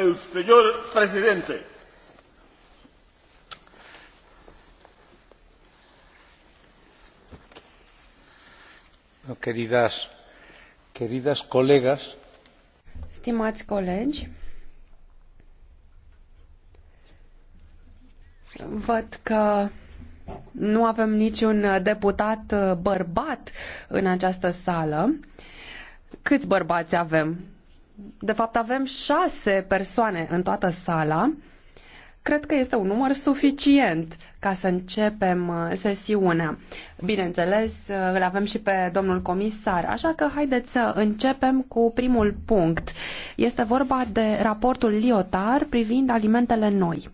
el señor presidente. Queridas, queridas colegas, Stimați colegi, văd că nu avem niciun deputat bărbat în această sală. Câți bărbați avem? de fapt avem șase persoane în toată sala, cred că este un număr suficient ca să începem uh, sesiunea. Bineînțeles, uh, îl avem și pe domnul comisar, așa că haideți să începem cu primul punct. Este vorba de raportul Liotar privind alimentele noi.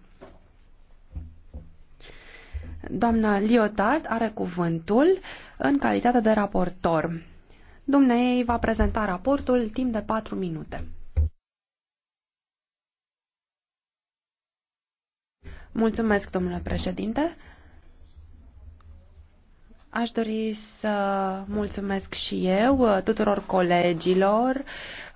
Doamna Liotard are cuvântul în calitate de raportor. Dumnezeu va prezenta raportul timp de 4 minute. Mulțumesc, domnule președinte. Aș dori să mulțumesc și eu uh, tuturor colegilor,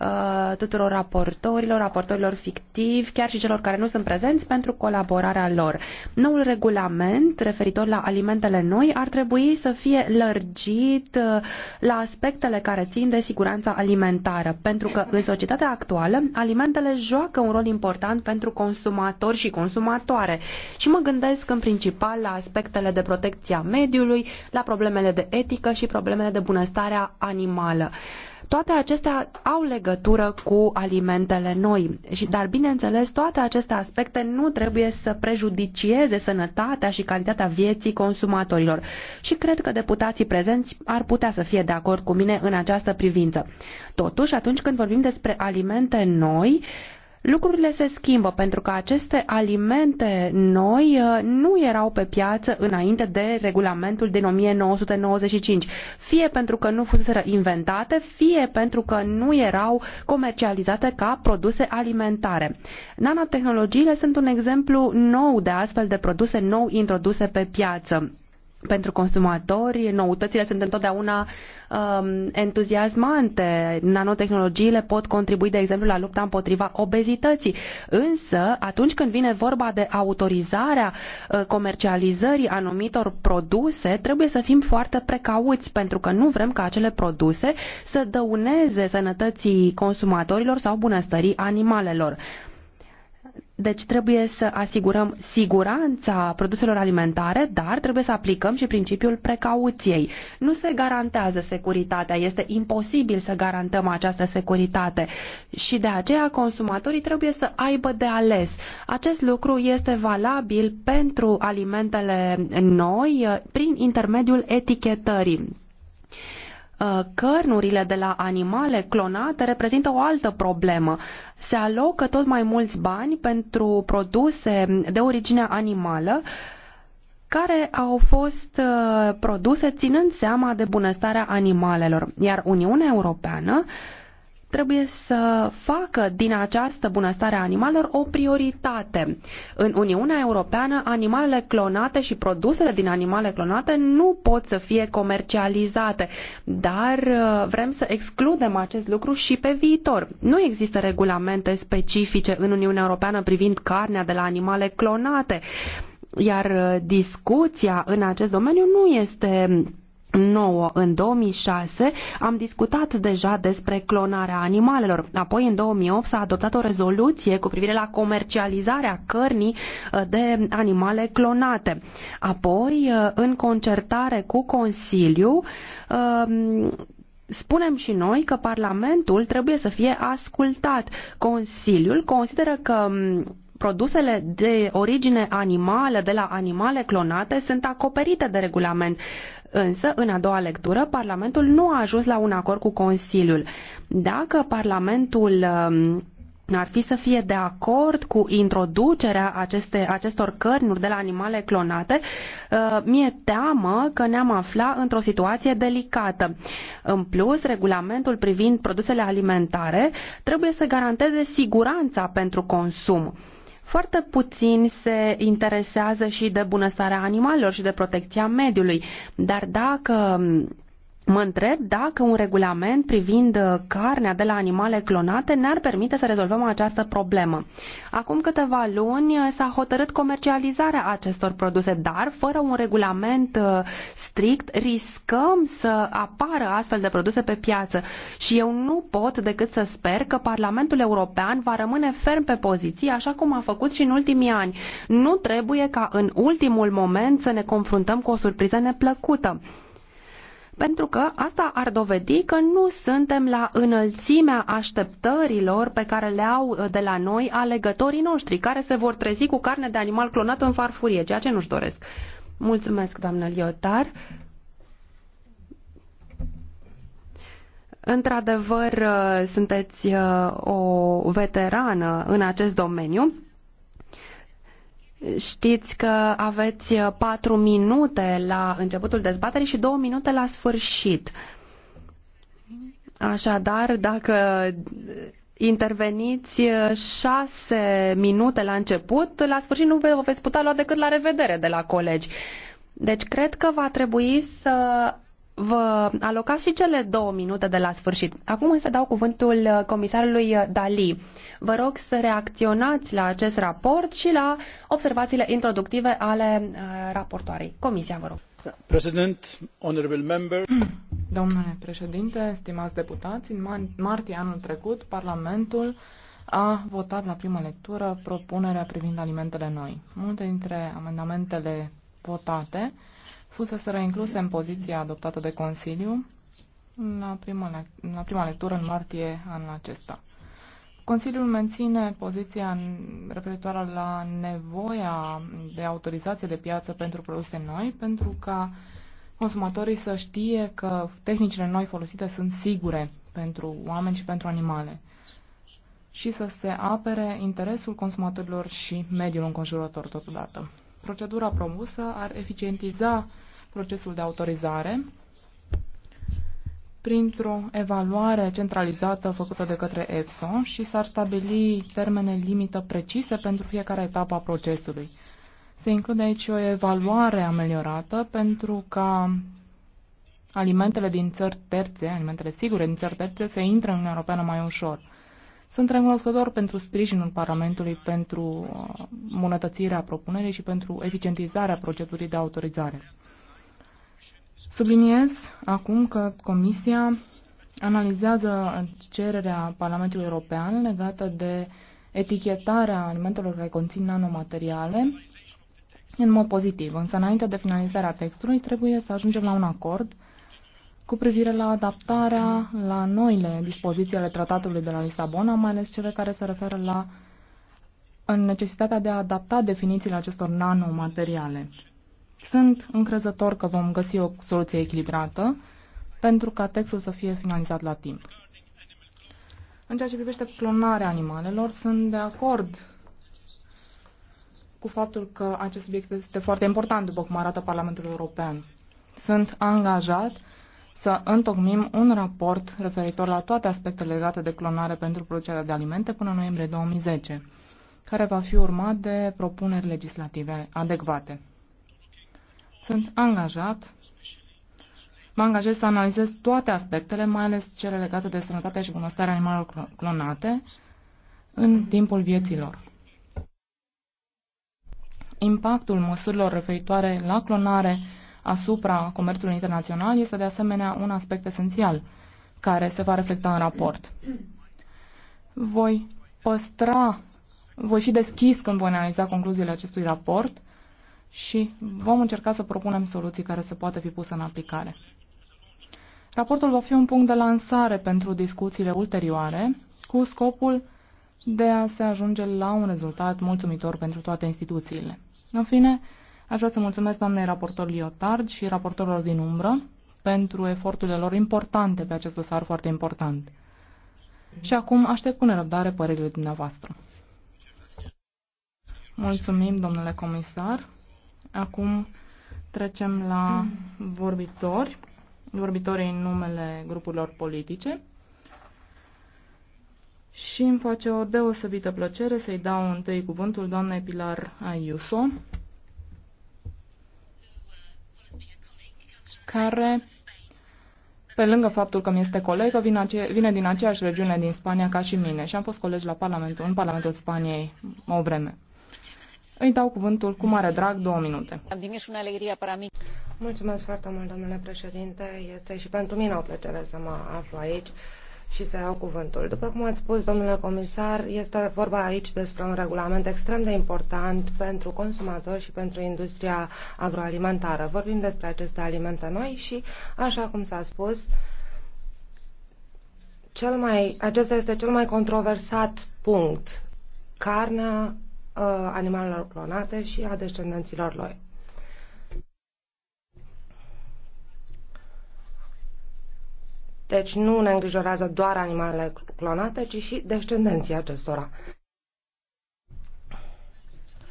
uh, tuturor raportorilor, raportorilor fictivi, chiar și celor care nu sunt prezenți pentru colaborarea lor. Noul regulament referitor la alimentele noi ar trebui să fie lărgit uh, la aspectele care țin de siguranța alimentară, pentru că în societatea actuală alimentele joacă un rol important pentru consumatori și consumatoare. Și mă gândesc în principal la aspectele de protecția a mediului, la problemele de etică și problemele de bunăstare animală. Toate acestea au legătură cu alimentele noi, și dar bineînțeles toate aceste aspecte nu trebuie să prejudicieze sănătatea și calitatea vieții consumatorilor. Și cred că deputații prezenți ar putea să fie de acord cu mine în această privință. Totuși, atunci când vorbim despre alimente noi, Lucrurile se schimbă pentru că aceste alimente noi uh, nu erau pe piață înainte de regulamentul din 1995, fie pentru că nu fuseseră inventate, fie pentru că nu erau comercializate ca produse alimentare. Nanotehnologiile sunt un exemplu nou de astfel de produse nou introduse pe piață pentru consumatori, noutățile sunt întotdeauna um, entuziasmante. Nanotehnologiile pot contribui, de exemplu, la lupta împotriva obezității. Însă, atunci când vine vorba de autorizarea uh, comercializării anumitor produse, trebuie să fim foarte precauți, pentru că nu vrem ca acele produse să dăuneze sănătății consumatorilor sau bunăstării animalelor. Deci trebuie să asigurăm siguranța produselor alimentare, dar trebuie să aplicăm și principiul precauției. Nu se garantează securitatea, este imposibil să garantăm această securitate și de aceea consumatorii trebuie să aibă de ales. Acest lucru este valabil pentru alimentele noi prin intermediul etichetării Uh, cărnurile de la animale clonate reprezintă o altă problemă. Se alocă tot mai mulți bani pentru produse de origine animală care au fost uh, produse ținând seama de bunăstarea animalelor, iar Uniunea Europeană uh, trebuie să facă din această bunăstare a animalelor o prioritate. În Uniunea Europeană, animalele clonate și produsele din animale clonate nu pot să fie comercializate, dar uh, vrem să excludem acest lucru și pe viitor. Nu există regulamente specifice în Uniunea Europeană privind carnea de la animale clonate, iar uh, discuția în acest domeniu nu este 9 în 2006 am discutat deja despre clonarea animalelor. Apoi în 2008 s-a adoptat o rezoluție cu privire la comercializarea cărnii uh, de animale clonate. Apoi uh, în concertare cu Consiliu um, Spunem și noi că Parlamentul trebuie să fie ascultat. Consiliul consideră că um, produsele de origine animală de la animale clonate sunt acoperite de regulament Însă, în a doua lectură, Parlamentul nu a ajuns la un acord cu Consiliul. Dacă Parlamentul um, ar fi să fie de acord cu introducerea aceste, acestor cărnuri de la animale clonate, uh, mi-e teamă că ne-am afla într-o situație delicată. În plus, regulamentul privind produsele alimentare trebuie să garanteze siguranța pentru consum foarte puțini se interesează și de bunăstarea animalelor și de protecția mediului, dar dacă Mă întreb dacă un regulament privind uh, carnea de la animale clonate ne-ar permite să rezolvăm această problemă. Acum câteva luni uh, s-a hotărât comercializarea acestor produse, dar fără un regulament uh, strict riscăm să apară astfel de produse pe piață și eu nu pot decât să sper că Parlamentul European va rămâne ferm pe poziție, așa cum a făcut și în ultimii ani. Nu trebuie ca în ultimul moment să ne confruntăm cu o surpriză neplăcută pentru că asta ar dovedi că nu suntem la înălțimea așteptărilor pe care le au uh, de la noi alegătorii noștri, care se vor trezi cu carne de animal clonat în farfurie, ceea ce nu-și doresc. Mulțumesc, doamnă Liotar. Într-adevăr, uh, sunteți uh, o veterană în acest domeniu. Știți că aveți uh, patru minute la începutul dezbaterii și două minute la sfârșit. Așadar, dacă uh, interveniți uh, șase minute la început, la sfârșit nu vă veți putea lua decât la revedere de la colegi. Deci cred că va trebui să vă alocați și cele două minute de la sfârșit. Acum însă dau cuvântul uh, comisarului uh, Dali. Vă rog să reacționați la acest raport și la observațiile introductive ale uh, raportoarei. Comisia, vă rog. President, honorable member. Hmm. Domnule președinte, stimați deputați, în martie anul trecut, Parlamentul a votat la primă lectură propunerea privind alimentele noi. Multe dintre amendamentele votate fuseseră incluse în poziția adoptată de Consiliu la prima, la prima lectură în martie anul acesta. Consiliul menține poziția referitoare la nevoia de autorizație de piață pentru produse noi, pentru ca consumatorii să știe că tehnicile noi folosite sunt sigure pentru oameni și pentru animale și să se apere interesul consumatorilor și mediul înconjurător totodată. Procedura promusă ar eficientiza procesul de autorizare printr-o evaluare centralizată făcută de către EFSO și s-ar stabili termene limită precise pentru fiecare etapă a procesului. Se include aici o evaluare ameliorată pentru ca alimentele din țări terțe, alimentele sigure din țări terțe, să intre în Uniunea Europeană mai ușor. Sunt recunoscător pentru sprijinul Parlamentului pentru uh, monetățirea propunerii și pentru eficientizarea procedurii de autorizare. Subliniez acum că Comisia analizează cererea Parlamentului European legată de etichetarea alimentelor care conțin nanomateriale în mod pozitiv. Însă, înainte de finalizarea textului, trebuie să ajungem la un acord cu privire la adaptarea la noile dispoziții ale tratatului de la Lisabona, mai ales cele care se referă la necesitatea de a adapta definițiile acestor nanomateriale. Sunt încrezător că vom găsi o soluție echilibrată pentru ca textul să fie finalizat la timp. În ceea ce privește clonarea animalelor, sunt de acord cu faptul că acest subiect este foarte important, după cum arată Parlamentul European. Sunt angajat să întocmim un raport referitor la toate aspectele legate de clonare pentru producerea de alimente până în noiembrie 2010, care va fi urmat de propuneri legislative adecvate. Sunt angajat, mă angajez să analizez toate aspectele, mai ales cele legate de sănătatea și bunăstarea animalelor clonate, în timpul vieților. Impactul măsurilor referitoare la clonare asupra comerțului internațional este de asemenea un aspect esențial care se va reflecta în raport. Voi păstra, voi fi deschis când voi analiza concluziile acestui raport și vom încerca să propunem soluții care să poată fi puse în aplicare. Raportul va fi un punct de lansare pentru discuțiile ulterioare, cu scopul de a se ajunge la un rezultat mulțumitor pentru toate instituțiile. În fine, aș vrea să mulțumesc doamnei raportor Liotard și raportorilor din umbră pentru eforturile lor importante pe acest dosar foarte important. Și acum aștept cu nerăbdare părerile dumneavoastră. Mulțumim, domnule comisar. Acum trecem la vorbitori, vorbitorii în numele grupurilor politice. Și îmi face o deosebită plăcere să-i dau întâi cuvântul doamnei Pilar Ayuso, care, pe lângă faptul că mi este colegă, vine, din aceeași regiune din Spania ca și mine și am fost colegi la Parlamentul, în Parlamentul Spaniei o vreme. Îi dau cuvântul cu mare drag două minute. Mulțumesc foarte mult, domnule președinte. Este și pentru mine o plăcere să mă aflu aici și să iau cuvântul. După cum ați spus, domnule comisar, este vorba aici despre un regulament extrem de important pentru consumatori și pentru industria agroalimentară. Vorbim despre aceste alimente noi și, așa cum s-a spus, cel mai, acesta este cel mai controversat punct. Carnea Uh, animalelor clonate și a descendenților lor. Deci nu ne îngrijorează doar animalele clonate, ci și descendenții acestora.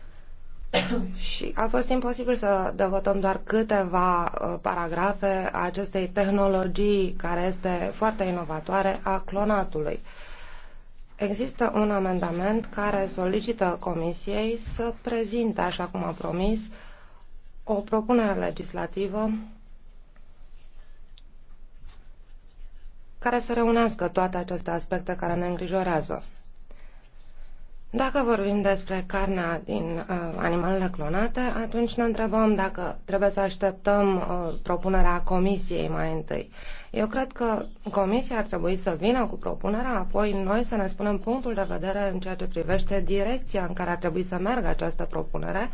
și a fost imposibil să devotăm doar câteva uh, paragrafe a acestei tehnologii care este foarte inovatoare a clonatului. Uh, Există un amendament care solicită Comisiei să prezinte, așa cum a promis, o propunere legislativă care să reunească toate aceste aspecte care ne îngrijorează. Dacă vorbim despre carnea din uh, animalele clonate, atunci ne întrebăm dacă trebuie să așteptăm uh, propunerea comisiei mai întâi. Eu cred că comisia ar trebui să vină cu propunerea, apoi noi să ne spunem punctul de vedere în ceea ce privește direcția în care ar trebui să meargă această propunere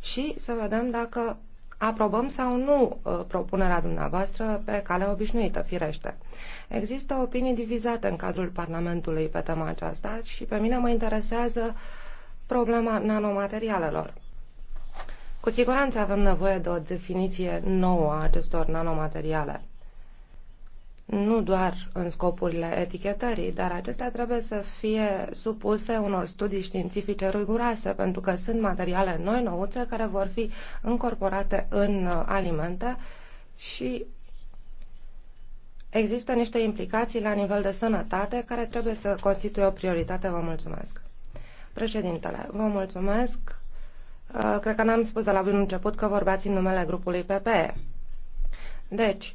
și să vedem dacă aprobăm sau nu uh, propunerea dumneavoastră pe cale obișnuită, firește. Există opinii divizate în cadrul Parlamentului pe tema aceasta și pe mine mă interesează problema nanomaterialelor. Cu siguranță avem nevoie de o definiție nouă a acestor nanomateriale nu doar în scopurile etichetării, dar acestea trebuie să fie supuse unor studii științifice riguroase, pentru că sunt materiale noi, nouțe, care vor fi încorporate în uh, alimente și există niște implicații la nivel de sănătate care trebuie să constituie o prioritate. Vă mulțumesc. Președintele, vă mulțumesc. Uh, cred că n-am spus de la bun început că vorbeați în numele grupului PPE. Deci,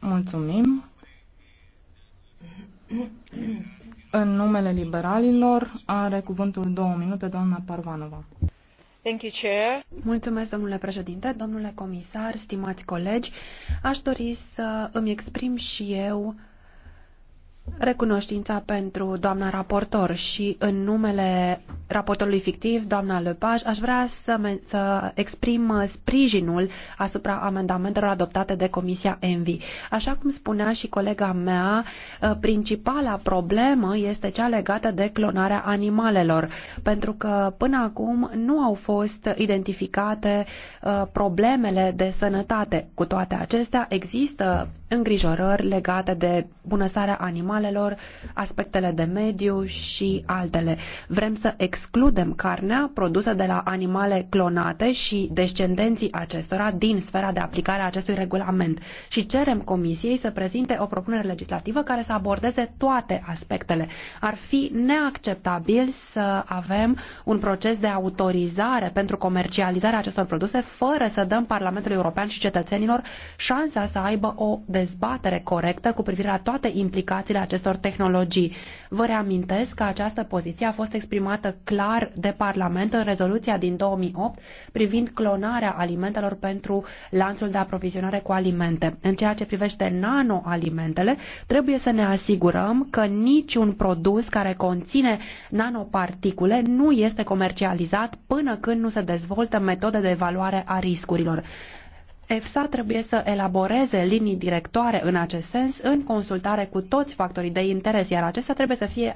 Mulțumim. În numele liberalilor are cuvântul două minute doamna Parvanova. Thank you, Chair. Mulțumesc, domnule președinte, domnule comisar, stimați colegi. Aș dori să îmi exprim și eu recunoștința pentru doamna raportor și în numele raportorului fictiv, doamna Lepaj, aș vrea să, să exprim sprijinul asupra amendamentelor adoptate de Comisia Envi. Așa cum spunea și colega mea, ă, principala problemă este cea legată de clonarea animalelor, pentru că până acum nu au fost identificate ă, problemele de sănătate. Cu toate acestea, există îngrijorări legate de bunăstarea animalelor, aspectele de mediu și altele. Vrem să excludem carnea produsă de la animale clonate și descendenții acestora din sfera de aplicare a acestui regulament și cerem Comisiei să prezinte o propunere legislativă care să abordeze toate aspectele. Ar fi neacceptabil să avem un proces de autorizare pentru comercializarea acestor produse fără să dăm Parlamentului European și cetățenilor șansa să aibă o dezbatere corectă cu privire la toate implicațiile acestor tehnologii. Vă reamintesc că această poziție a fost exprimată clar de Parlament în rezoluția din 2008 privind clonarea alimentelor pentru lanțul de aprovizionare cu alimente. În ceea ce privește nanoalimentele, trebuie să ne asigurăm că niciun produs care conține nanoparticule nu este comercializat până când nu se dezvoltă metode de evaluare a riscurilor. EFSA trebuie să elaboreze linii directoare în acest sens în consultare cu toți factorii de interes, iar acestea trebuie să fie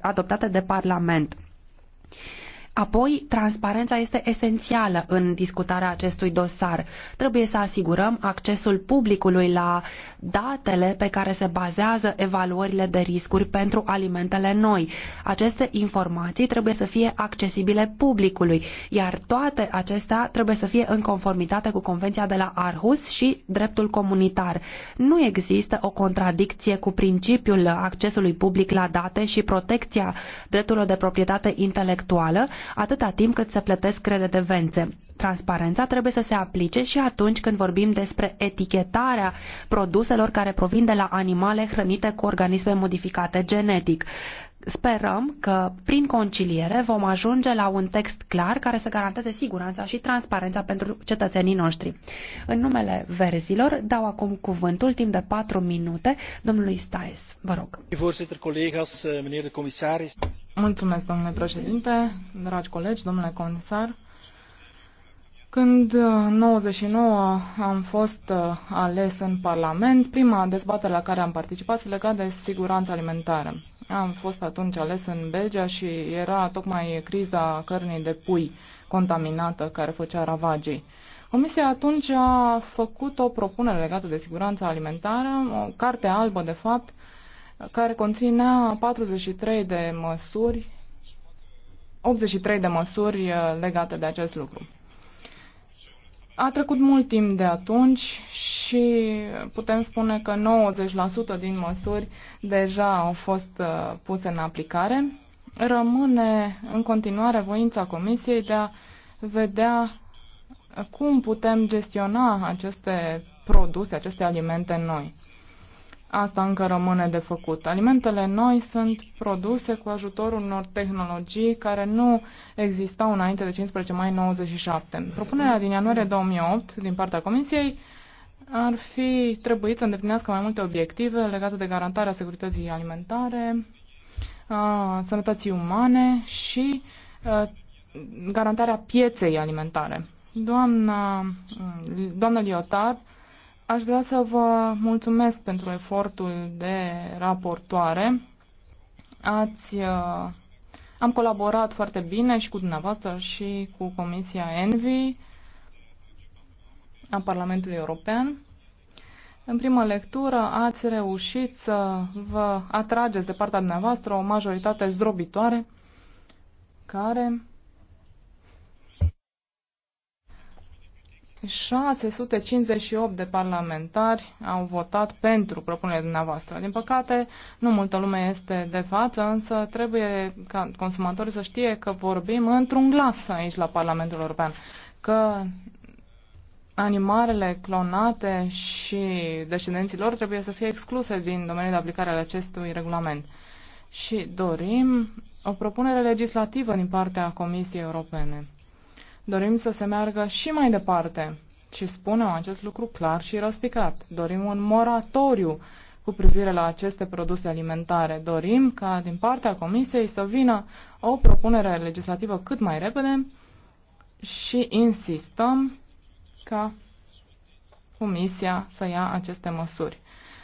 adoptate de Parlament. Apoi, transparența este esențială în discutarea acestui dosar. Trebuie să asigurăm accesul publicului la datele pe care se bazează evaluările de riscuri pentru alimentele noi. Aceste informații trebuie să fie accesibile publicului, iar toate acestea trebuie să fie în conformitate cu Convenția de la Arhus și dreptul comunitar. Nu există o contradicție cu principiul accesului public la date și protecția drepturilor de proprietate intelectuală, atâta timp cât se plătesc redevențe. Transparența trebuie să se aplice și atunci când vorbim despre etichetarea produselor care provin de la animale hrănite cu organisme modificate genetic. Sperăm că, prin conciliere, vom ajunge la un text clar care să garanteze siguranța și transparența pentru cetățenii noștri. În numele verzilor, dau acum cuvântul, timp de patru minute, domnului Staes. Vă rog. Eh, meneer de Mulțumesc, domnule președinte, dragi colegi, domnule comisar. Când în uh, 99 am fost uh, ales în Parlament, prima dezbatere la care am participat se lega de siguranța alimentară. Am fost atunci ales în Belgia și era tocmai criza cărnii de pui contaminată care făcea ravagii. Comisia atunci a făcut o propunere legată de siguranța alimentară, o carte albă de fapt, care conținea 43 de măsuri, 83 de măsuri uh, legate de acest lucru. A trecut mult timp de atunci și putem spune că 90% din măsuri deja au fost uh, puse în aplicare. Rămâne în continuare voința Comisiei de a vedea cum putem gestiona aceste produse, aceste alimente noi asta încă rămâne de făcut. Alimentele noi sunt produse cu ajutorul unor tehnologii care nu existau înainte de 15 mai 97. Propunerea din ianuarie 2008 din partea Comisiei ar fi trebuit să îndeplinească mai multe obiective legate de garantarea securității alimentare, a sănătății umane și a, garantarea pieței alimentare. Doamna, doamna Liotard Aș vrea să vă mulțumesc pentru efortul de raportoare. Ați, uh, am colaborat foarte bine și cu dumneavoastră și cu Comisia Envi a Parlamentului European. În primă lectură ați reușit să vă atrageți de partea dumneavoastră o majoritate zdrobitoare care 658 de parlamentari au votat pentru propunerea dumneavoastră. Din păcate, nu multă lume este de față, însă trebuie ca consumatorii să știe că vorbim într-un glas aici la Parlamentul European, că animalele clonate și descendenții lor trebuie să fie excluse din domeniul de aplicare al acestui regulament. Și dorim o propunere legislativă din partea Comisiei Europene Dorim să se meargă și mai departe și spunem acest lucru clar și răspicat. Dorim un moratoriu cu privire la aceste produse alimentare. Dorim ca din partea Comisiei să vină o propunere legislativă cât mai repede și insistăm ca Comisia să ia aceste măsuri.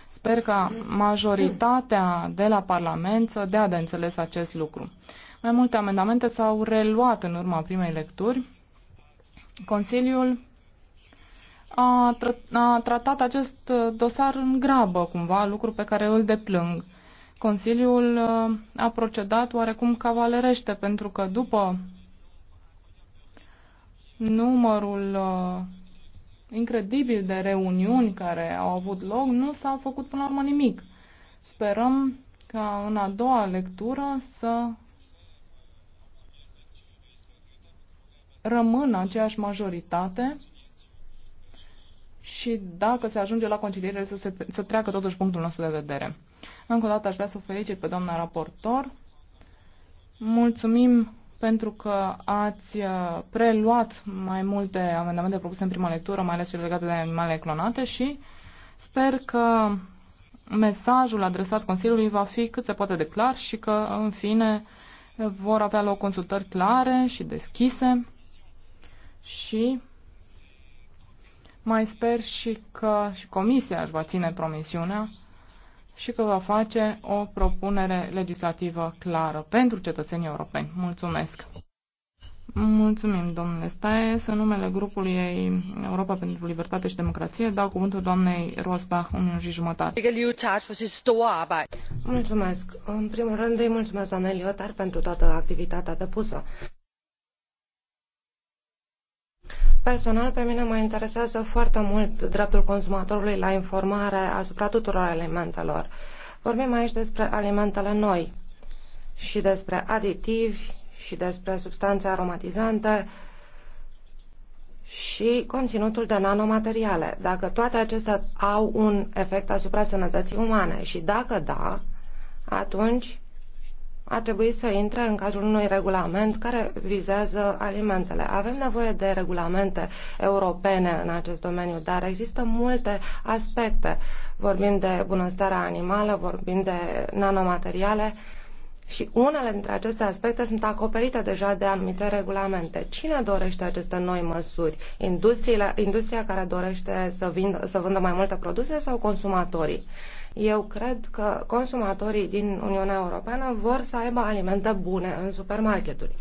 Sper ca majoritatea de la Parlament să dea de înțeles acest lucru. Mai multe amendamente s-au reluat în urma primei lecturi Consiliul a, tra- a tratat acest uh, dosar în grabă, cumva, lucru pe care îl deplâng. Consiliul uh, a procedat oarecum cavalerește, pentru că după numărul uh, incredibil de reuniuni care au avut loc, nu s-a făcut până la urmă nimic. Sperăm ca în a doua lectură să rămân aceeași majoritate și dacă se ajunge la conciliere să, se, să treacă totuși punctul nostru de vedere. Încă o dată aș vrea să o felicit pe doamna raportor. Mulțumim pentru că ați uh, preluat mai multe amendamente propuse în prima lectură, mai ales cele legate de animale clonate și sper că mesajul adresat Consiliului va fi cât se poate de clar și că, în fine, vor avea loc consultări clare și deschise și mai sper și că și Comisia își va ține promisiunea și că va face o propunere legislativă clară pentru cetățenii europeni. Mulțumesc! Mulțumim, domnule Staes. În numele grupului ei Europa pentru Libertate și Democrație dau cuvântul doamnei Rosbach, un minut și jumătate. Mulțumesc. În primul rând îi mulțumesc doamnei Liotar pentru toată activitatea depusă. Personal, pe mine mă interesează foarte mult dreptul consumatorului la informare asupra tuturor alimentelor. Vorbim aici despre alimentele noi și despre aditivi și despre substanțe aromatizante și conținutul de nanomateriale. Dacă toate acestea au un efect asupra sănătății umane și dacă da, atunci ar trebui să intre în cadrul unui regulament care vizează alimentele. Avem nevoie de regulamente europene în acest domeniu, dar există multe aspecte. Vorbim de bunăstarea animală, vorbim de nanomateriale și unele dintre aceste aspecte sunt acoperite deja de anumite regulamente. Cine dorește aceste noi măsuri? Industria, industria care dorește să, vindă, să vândă mai multe produse sau consumatorii? Eu cred că consumatorii din Uniunea Europeană vor să aibă alimente bune în supermarketuri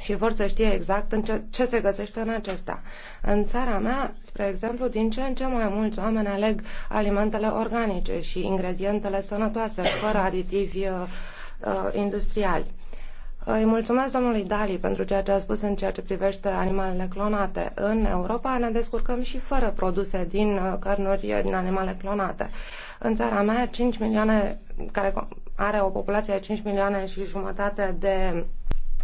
și vor să știe exact în ce, ce se găsește în acesta. În țara mea, spre exemplu, din ce în ce mai mulți oameni aleg alimentele organice și ingredientele sănătoase, fără aditivi uh, uh industriali. Îi mulțumesc domnului Dali pentru ceea ce a spus în ceea ce privește animalele clonate. În Europa ne descurcăm și fără produse din uh, cărnuri din animale clonate. În țara mea, 5 milioane, care are o populație de 5 milioane și jumătate de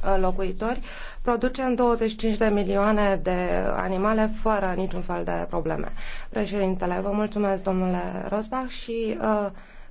uh, locuitori, producem 25 de milioane de animale fără niciun fel de probleme. Președintele, vă mulțumesc, domnule Rosbach, și uh,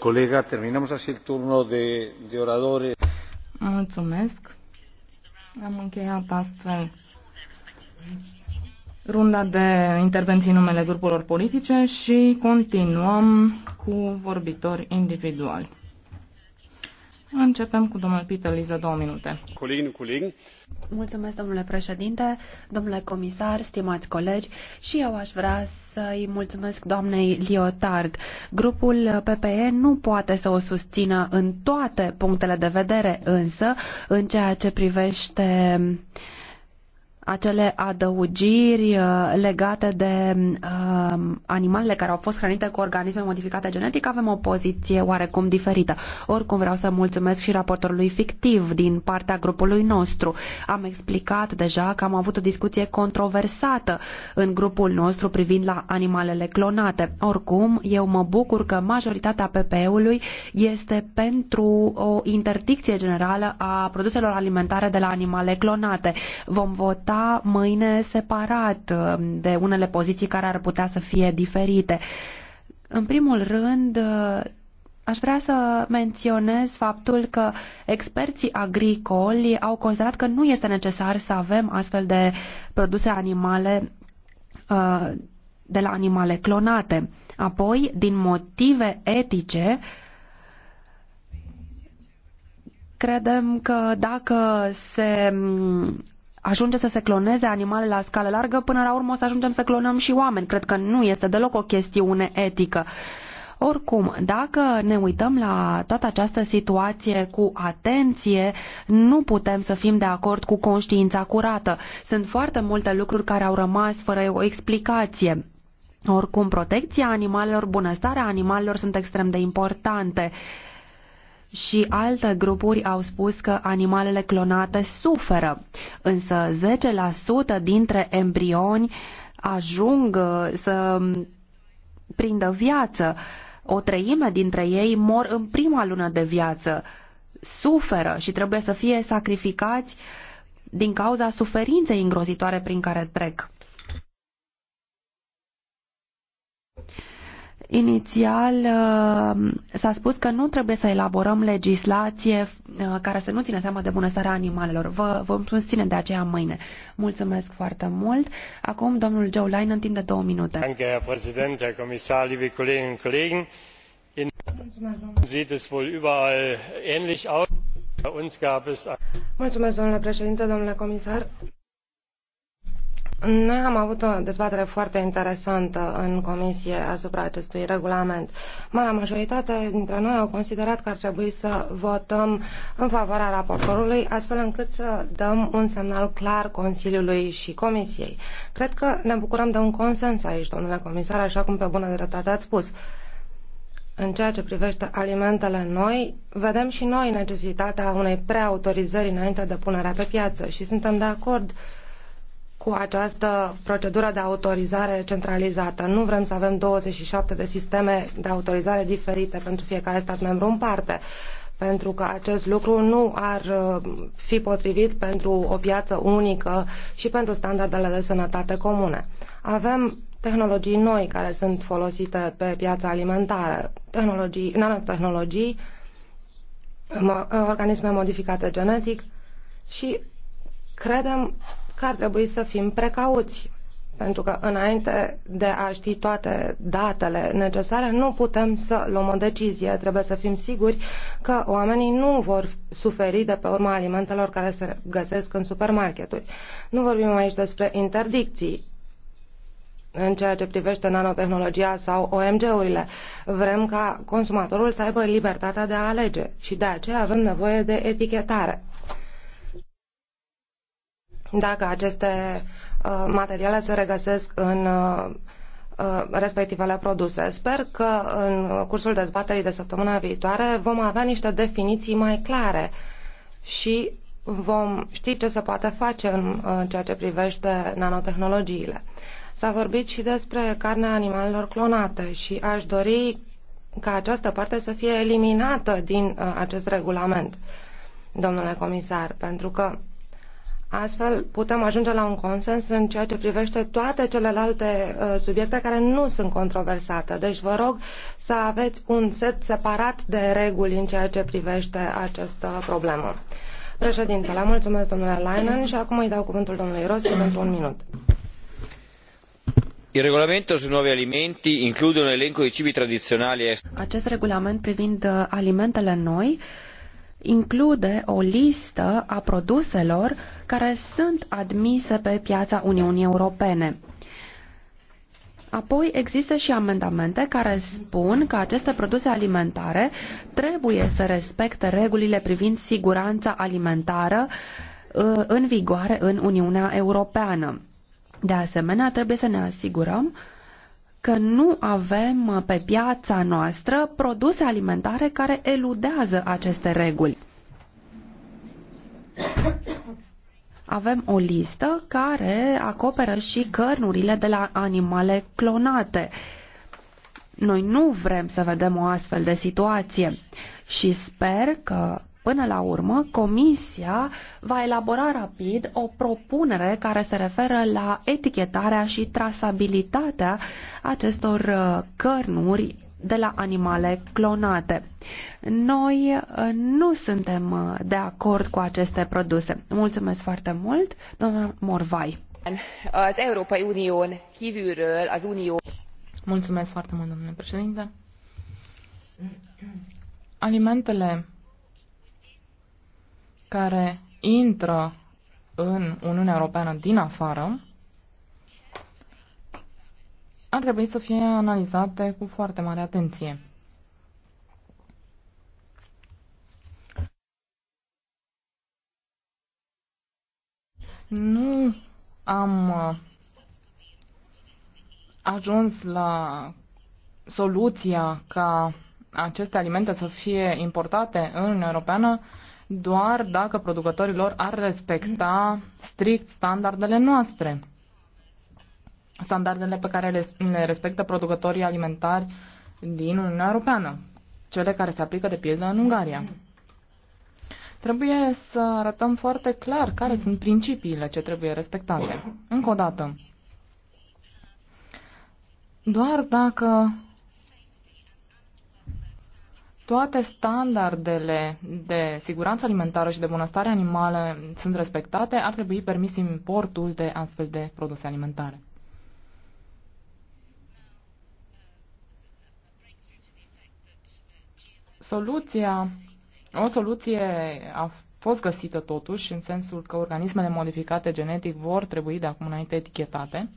Colega, terminamos así el de, de oradores. Mulțumesc. Am încheiat astfel runda de intervenții în numele grupurilor politice și continuăm cu vorbitori individuali. Începem cu domnul Peter Liza, două minute. Colegii, colegi. Mulțumesc, domnule președinte, domnule comisar, stimați colegi, și eu aș vrea să-i mulțumesc doamnei Liotard. Grupul PPE nu poate să o susțină în toate punctele de vedere, însă, în ceea ce privește uh, acele adăugiri uh, legate de um, animalele care au fost hrănite cu organisme modificate genetic, avem o poziție oarecum diferită. Oricum vreau să mulțumesc și raportorului fictiv din partea grupului nostru. Am explicat deja că am avut o discuție controversată în grupul nostru privind la animalele clonate. Oricum, eu mă bucur că majoritatea PPE-ului este pentru o interdicție generală a produselor alimentare de la animale clonate. Vom vota mâine separat uh, de unele poziții care ar putea să fie diferite. În primul rând, uh, Aș vrea să menționez faptul că experții agricoli au considerat că nu este necesar să avem astfel de produse animale uh, de la animale clonate. Apoi, din motive etice, credem că dacă se ajunge să se cloneze animale la scală largă, până la urmă o să ajungem să clonăm și oameni. Cred că nu este deloc o chestiune etică. Oricum, dacă ne uităm la toată această situație cu atenție, nu putem să fim de acord cu conștiința curată. Sunt foarte multe lucruri care au rămas fără o explicație. Oricum, protecția animalelor, bunăstarea animalelor sunt extrem de importante și alte grupuri au spus că animalele clonate suferă, însă 10% dintre embrioni ajung uh, să prindă viață. O treime dintre ei mor în prima lună de viață, suferă și trebuie să fie sacrificați din cauza suferinței îngrozitoare prin care trec. Inițial uh, s-a spus că nu trebuie să elaborăm legislație uh, care să nu țină seama de bunăstarea animalelor. Vă vom susține de aceea mâine. Mulțumesc foarte mult. Acum domnul Joe Line de două minute. Danke, Herr Präsident, Herr Kommissar, liebe Kolleginnen und Kollegen. In sieht es wohl überall ähnlich aus. Bei uns gab es Mulțumesc, domnule președinte, domnule comisar. Noi am avut o dezbatere foarte interesantă în comisie asupra acestui regulament. Marea majoritate dintre noi au considerat că ar trebui să votăm în favoarea raportorului, astfel încât să dăm un semnal clar Consiliului și Comisiei. Cred că ne bucurăm de un consens aici, domnule comisar, așa cum pe bună dreptate ați spus. În ceea ce privește alimentele noi, vedem și noi necesitatea unei preautorizări înainte de punerea pe piață și suntem de acord cu această procedură de autorizare centralizată. Nu vrem să avem 27 de sisteme de autorizare diferite pentru fiecare stat membru în parte, pentru că acest lucru nu ar uh, fi potrivit pentru o piață unică și pentru standardele de sănătate comune. Avem tehnologii noi care sunt folosite pe piața alimentară, tehnologii, nanotehnologii, organisme modificate genetic și credem că ar trebui să fim precauți, pentru că înainte de a ști toate datele necesare, nu putem să luăm o decizie. Trebuie să fim siguri că oamenii nu vor suferi de pe urma alimentelor care se găsesc în supermarketuri. Nu vorbim aici despre interdicții, în ceea ce privește nanotehnologia sau OMG-urile. Vrem ca consumatorul să aibă libertatea de a alege și de aceea avem nevoie de etichetare dacă aceste uh, materiale se regăsesc în uh, uh, respectivele produse. Sper că în cursul dezbaterii de săptămâna viitoare vom avea niște definiții mai clare și vom ști ce se poate face în ceea ce privește nanotehnologiile. S-a vorbit și despre carnea animalelor clonate și aș dori ca această parte să fie eliminată din acest regulament, domnule comisar, pentru că Astfel putem ajunge la un consens în ceea ce privește toate celelalte uh, subiecte care nu sunt controversate. Deci vă rog să aveți un set separat de reguli în ceea ce privește această problemă. Președintele, mulțumesc domnule Leinen și acum îi dau cuvântul domnului Rossi pentru un minut. Il regolamento sui nuovi alimenti include un elenco di cibi tradizionali. Acest regulament privind uh, alimentele noi uh, include o listă a produselor care sunt admise pe piața Uniunii Europene. Apoi există și amendamente care spun că aceste produse alimentare trebuie să respecte regulile privind siguranța alimentară ă, în vigoare în Uniunea Europeană. De asemenea, trebuie să ne asigurăm că nu avem uh, pe piața noastră produse alimentare care eludează aceste reguli. Avem o listă care acoperă și cărnurile de la animale clonate. Noi nu vrem să vedem o astfel de situație și sper că Până la urmă, Comisia va elabora rapid o propunere care se referă la etichetarea și trasabilitatea acestor uh, cărnuri de la animale clonate. Noi uh, nu suntem uh, de acord cu aceste produse. Mulțumesc foarte mult, doamna Morvai. Az Európai Unión kívülről az Unió... Mulțumesc foarte mult, domnule președinte. Alimentele care intră în Uniunea Europeană din afară ar trebui să fie analizate cu foarte mare atenție. Nu am uh, ajuns la soluția ca aceste alimente să fie importate în Europeană doar dacă producătorilor ar respecta strict standardele noastre. Standardele pe care le respectă producătorii alimentari din Uniunea Europeană, cele care se aplică de pildă în Ungaria. Trebuie să arătăm foarte clar care sunt principiile ce trebuie respectate. Încă o dată, doar dacă toate standardele de siguranță alimentară și de bunăstare animală sunt respectate, ar trebui permis importul de astfel de produse alimentare. Soluția, o soluție a fost găsită totuși în sensul că organismele modificate genetic vor trebui de acum înainte etichetate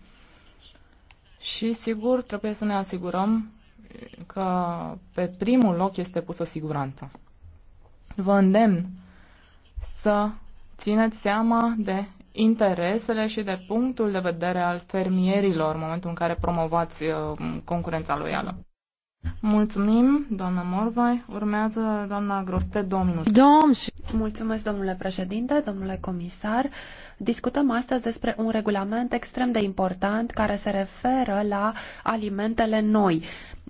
și sigur trebuie să ne asigurăm că pe primul loc este pusă siguranța. Vă îndemn să țineți seama de interesele și de punctul de vedere al fermierilor în momentul în care promovați uh, concurența loială. Mulțumim, doamna Morvai. Urmează doamna Groste, două minute. Domn Mulțumesc, domnule președinte, domnule comisar. Discutăm astăzi despre un regulament extrem de important care se referă la alimentele noi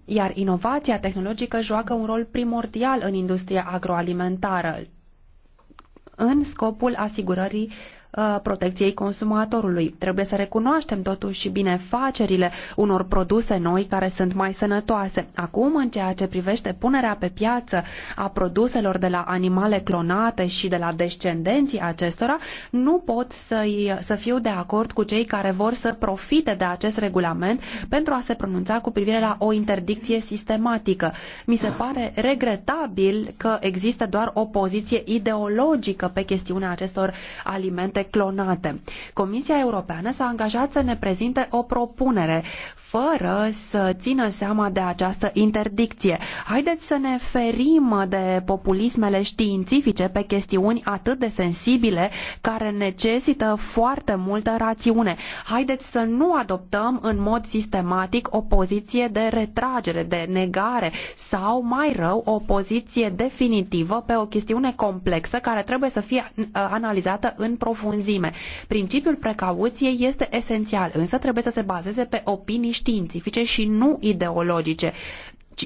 iar inovația tehnologică joacă un rol primordial în industria agroalimentară în scopul asigurării Uh, protecției consumatorului. Trebuie să recunoaștem totuși binefacerile unor produse noi care sunt mai sănătoase. Acum, în ceea ce privește punerea pe piață a produselor de la animale clonate și de la descendenții acestora, nu pot să, să fiu de acord cu cei care vor să profite de acest regulament pentru a se pronunța cu privire la o interdicție sistematică. Mi se pare regretabil că există doar o poziție ideologică pe chestiunea acestor alimente produse clonate. Comisia Europeană s-a angajat să ne prezinte o propunere fără să țină seama de această interdicție. Haideți să ne ferim de populismele științifice pe chestiuni atât de sensibile care necesită foarte multă rațiune. Haideți să nu adoptăm în mod sistematic o poziție de retragere, de negare sau mai rău o poziție definitivă pe o chestiune complexă care trebuie să fie uh, analizată în profunzime profunzime. Principiul precauției este esențial, însă trebuie să se bazeze pe opinii științifice și nu ideologice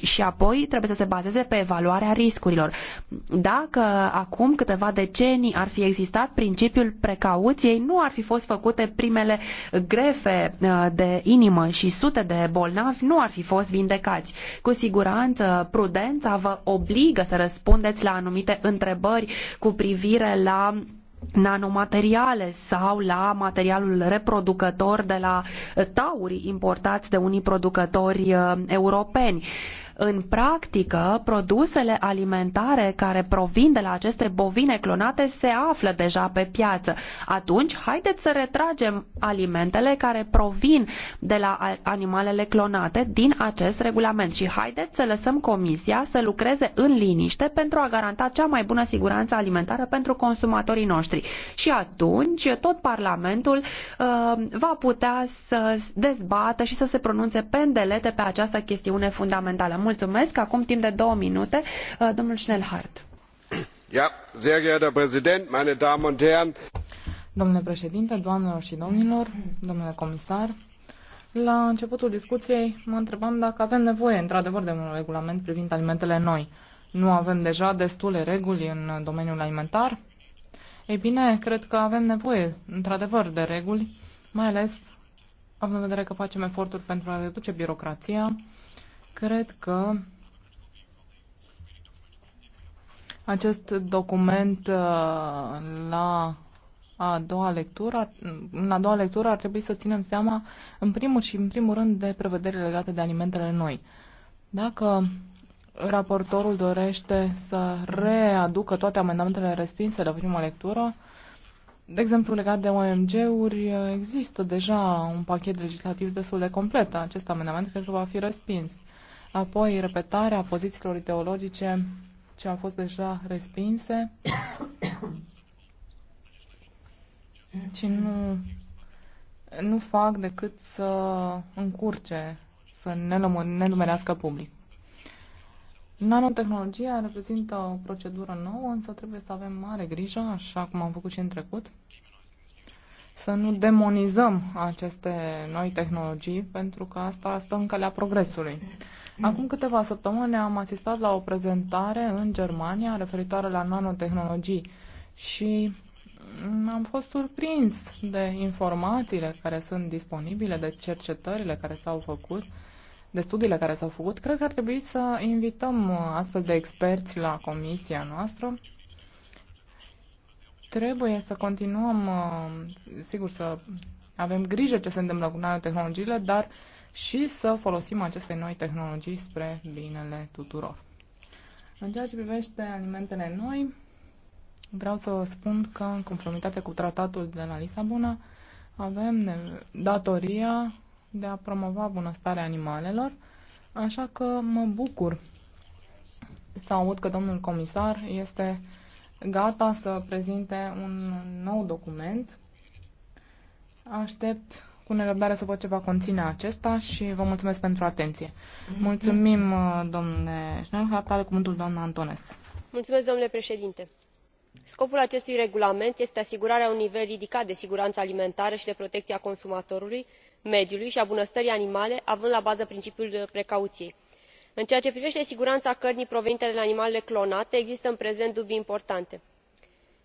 și apoi trebuie să se bazeze pe evaluarea riscurilor. Dacă acum câteva decenii ar fi existat principiul precauției, nu ar fi fost făcute primele grefe uh, de inimă și sute de bolnavi nu ar fi fost vindecați. Cu siguranță, prudența vă obligă să răspundeți la anumite întrebări cu privire la nanomateriale sau la materialul reproducător de la tauri importați de unii producători uh, europeni. În practică, produsele alimentare care provin de la aceste bovine clonate se află deja pe piață. Atunci, haideți să retragem alimentele care provin de la animalele clonate din acest regulament și haideți să lăsăm Comisia să lucreze în liniște pentru a garanta cea mai bună siguranță alimentară pentru consumatorii noștri. Și atunci, tot Parlamentul uh, va putea să dezbată și să se pronunțe pendelete pe această chestiune fundamentală. Mulțumesc. Acum timp de două minute, uh, domnul Schnellhardt. Ja, sehr geehrter Präsident, meine Damen und Herren. Domnule președinte, doamnelor și domnilor, domnule comisar, la începutul discuției mă întrebam dacă avem nevoie, într-adevăr, de un regulament privind alimentele noi. Nu avem deja destule reguli în domeniul alimentar? Ei bine, cred că avem nevoie, într-adevăr, de reguli, mai ales având în vedere că facem eforturi pentru a reduce birocrația Cred că acest document uh, la a doua lectură, în a doua lectură ar trebui să ținem seama în primul și în primul rând de prevederile legate de alimentele noi. Dacă raportorul dorește să readucă toate amendamentele respinse la prima lectură, de exemplu, legat de OMG-uri, există deja un pachet legislativ destul de complet. Acest amendament cred că va fi respins apoi repetarea pozițiilor ideologice ce au fost deja respinse și nu, nu fac decât să încurce, să ne, lume, lumerească public. Nanotehnologia reprezintă o procedură nouă, însă trebuie să avem mare grijă, așa cum am făcut și în trecut, să nu demonizăm aceste noi tehnologii, pentru că asta stă în calea progresului. Mm. Acum câteva săptămâni am asistat la o prezentare în Germania referitoare la nanotehnologii și am fost surprins de informațiile care sunt disponibile, de cercetările care s-au făcut, de studiile care s-au făcut. Cred că ar trebui să invităm uh, astfel de experți la comisia noastră. Trebuie să continuăm, uh, sigur, să avem grijă ce se întâmplă cu nanotehnologiile, dar uh, și să folosim aceste noi tehnologii spre binele tuturor. În ceea ce privește alimentele noi, vreau să vă spun că, în conformitate cu tratatul de la Lisabona, avem datoria de a promova bunăstarea animalelor, așa că mă bucur să aud că domnul comisar este gata să prezinte un nou document. Aștept cu nerăbdare să văd ce va conține acesta și vă mulțumesc pentru atenție. Mhm. Mulțumim, uh, domnule Schnellhardt, are cuvântul doamna Antonescu. Mulțumesc, domnule președinte. Scopul acestui regulament este asigurarea unui nivel ridicat de siguranță alimentară și de protecție a consumatorului, mediului și a bunăstării animale, având la bază principiul precauției. În ceea ce privește siguranța cărnii provenite de la animalele clonate, există în prezent dubii importante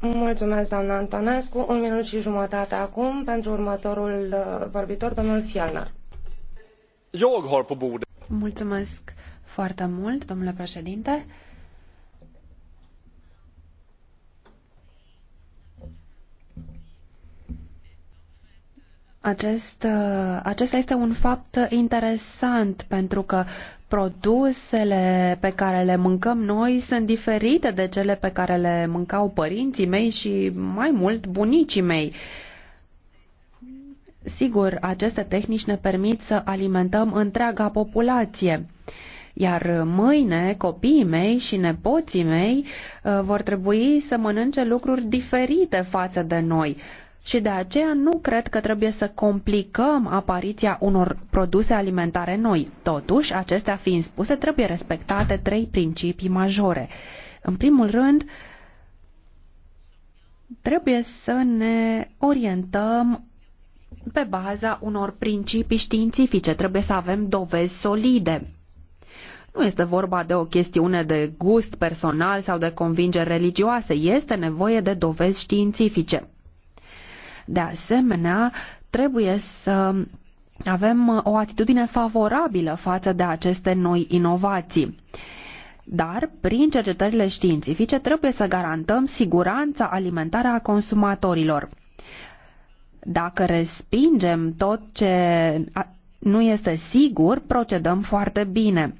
Mulțumesc, doamna Antonescu. Un minut și jumătate acum pentru următorul uh, vorbitor, domnul Fianar. Eu har pe bord. Mulțumesc foarte mult, domnule președinte. Acest, uh, acesta este un fapt interesant pentru că produsele pe care le mâncăm noi sunt diferite de cele pe care le mâncau părinții mei și mai mult bunicii mei. Sigur, aceste tehnici ne permit să alimentăm întreaga populație. Iar mâine copiii mei și nepoții mei uh, vor trebui să mănânce lucruri diferite față de noi și de aceea nu cred că trebuie să complicăm apariția unor produse alimentare noi. Totuși, acestea fiind spuse, trebuie respectate trei principii majore. În primul rând, trebuie să ne orientăm pe baza unor principii științifice. Trebuie să avem dovezi solide. Nu este vorba de o chestiune de gust personal sau de convingeri religioase. Este nevoie de dovezi științifice. De asemenea, trebuie să avem uh, o atitudine favorabilă față de aceste noi inovații. Dar, prin cercetările științifice, trebuie să garantăm siguranța alimentară a consumatorilor. Dacă respingem tot ce nu este sigur, procedăm foarte bine.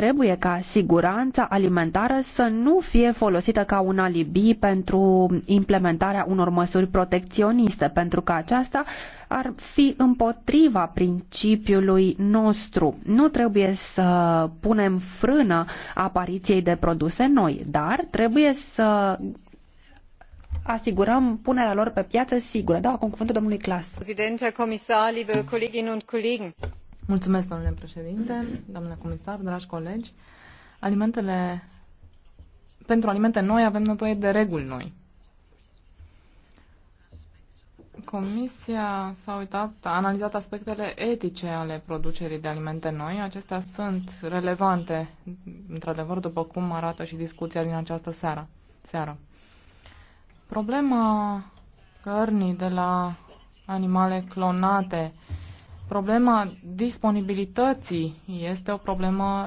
Trebuie ca siguranța alimentară să nu fie folosită ca un alibi pentru implementarea unor măsuri protecționiste, pentru că aceasta ar fi împotriva principiului nostru. Nu trebuie să punem frână apariției de produse noi, dar trebuie să asigurăm punerea lor pe piață sigură. Dau acum cuvântul domnului Clas. Președinte, comisar, liebe Kolleginnen und Kollegen. Mulțumesc, domnule președinte, domnule comisar, dragi colegi. Alimentele, pentru alimente noi avem nevoie de reguli noi. Comisia s-a uitat, a analizat aspectele etice ale producerii de alimente noi. Acestea sunt relevante, într-adevăr, după cum arată și discuția din această seară. seară. Problema cărnii de la animale clonate Problema disponibilității este o problemă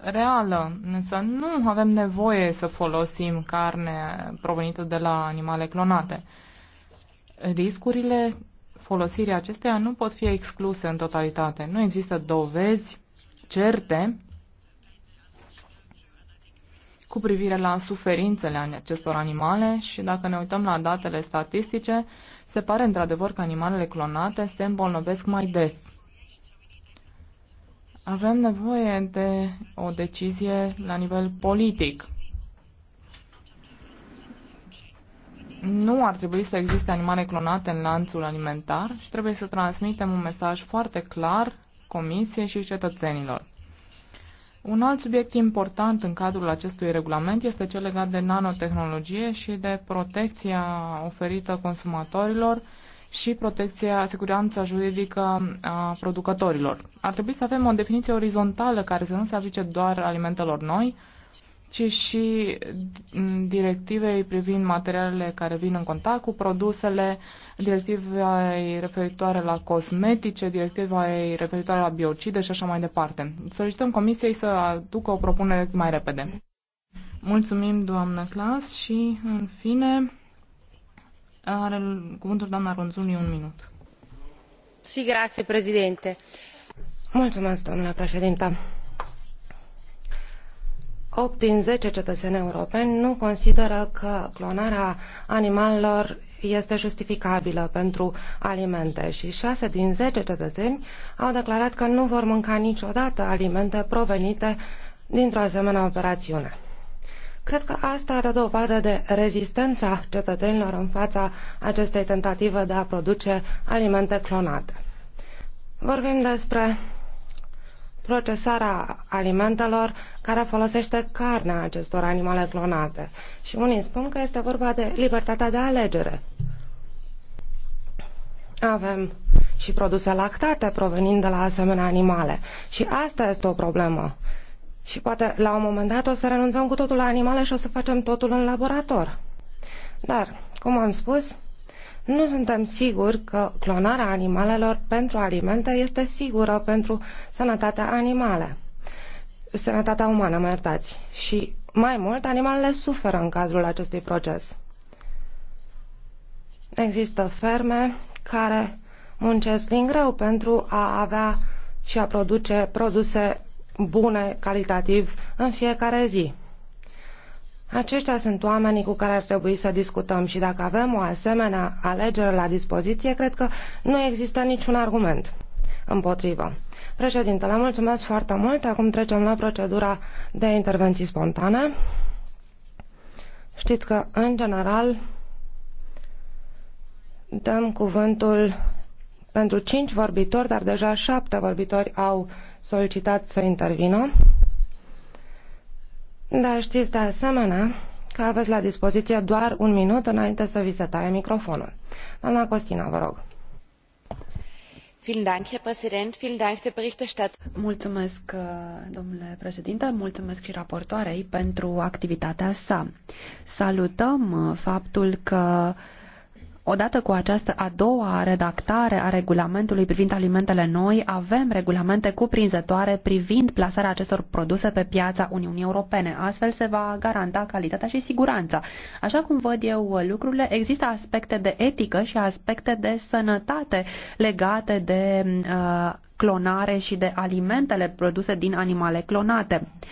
reală, însă nu avem nevoie să folosim carne provenită de la animale clonate. Riscurile folosirii acesteia nu pot fi excluse în totalitate. Nu există dovezi certe cu privire la suferințele acestor animale și dacă ne uităm la datele statistice, se pare într-adevăr că animalele clonate se îmbolnăvesc mai des. Avem nevoie de o decizie la nivel politic. Nu ar trebui să existe animale clonate în lanțul alimentar și trebuie să transmitem un mesaj foarte clar Comisiei și cetățenilor. Un alt subiect important în cadrul acestui regulament este cel legat de nanotehnologie și de protecția oferită consumatorilor și protecția, siguranța juridică a producătorilor. Ar trebui să avem o definiție orizontală care să nu se aplice doar alimentelor noi, ci și mm, directivei privind materialele care vin în contact cu produsele, directivei referitoare la cosmetice, directivei referitoare la biocide și așa mai departe. Solicităm Comisiei să aducă o propunere mai repede. Mulțumim, doamnă Clas, și, în fine, are cuvântul doamna Ronzuni un minut. Și grație, președinte. Mulțumesc, domnule președinte 8 din 10 cetățeni europeni nu consideră că clonarea animalelor este justificabilă pentru alimente și 6 din 10 cetățeni au declarat că nu vor mânca niciodată alimente provenite dintr-o asemenea operațiune. Cred că asta dă dovadă de rezistența cetățenilor în fața acestei tentative de a produce alimente clonate. Vorbim despre procesarea alimentelor care folosește carnea acestor animale clonate. Și unii spun că este vorba de libertatea de alegere. Avem și produse lactate provenind de la asemenea animale. Și asta este o problemă. Și poate la un moment dat o să renunțăm cu totul la animale și o să facem totul în laborator. Dar, cum am spus, nu suntem siguri că clonarea animalelor pentru alimente este sigură pentru sănătatea animale. Sănătatea umană, mă iertați. Și mai mult, animalele suferă în cadrul acestui proces. Există ferme care muncesc din greu pentru a avea și a produce produse bune calitativ în fiecare zi. Aceștia sunt oamenii cu care ar trebui să discutăm și dacă avem o asemenea alegere la dispoziție, cred că nu există niciun argument împotrivă. Președintele, mulțumesc foarte mult. Acum trecem la procedura de intervenții spontane. Știți că, în general, dăm cuvântul pentru cinci vorbitori, dar deja șapte vorbitori au solicitat să intervină. Dar știți de asemenea că aveți la dispoziție doar un minut înainte să vi se taie microfonul. Doamna Costina, vă rog. Mulțumesc, uh, domnule președinte, mulțumesc și raportoarei pentru activitatea sa. Salutăm uh, faptul că Odată cu această a doua redactare a regulamentului privind alimentele noi, avem regulamente cuprinzătoare privind plasarea acestor produse pe piața Uniunii Europene. Astfel se va garanta calitatea și siguranța. Așa cum văd eu lucrurile, există aspecte de etică și aspecte de sănătate legate de uh, clonare și de alimentele produse din animale clonate. Uh,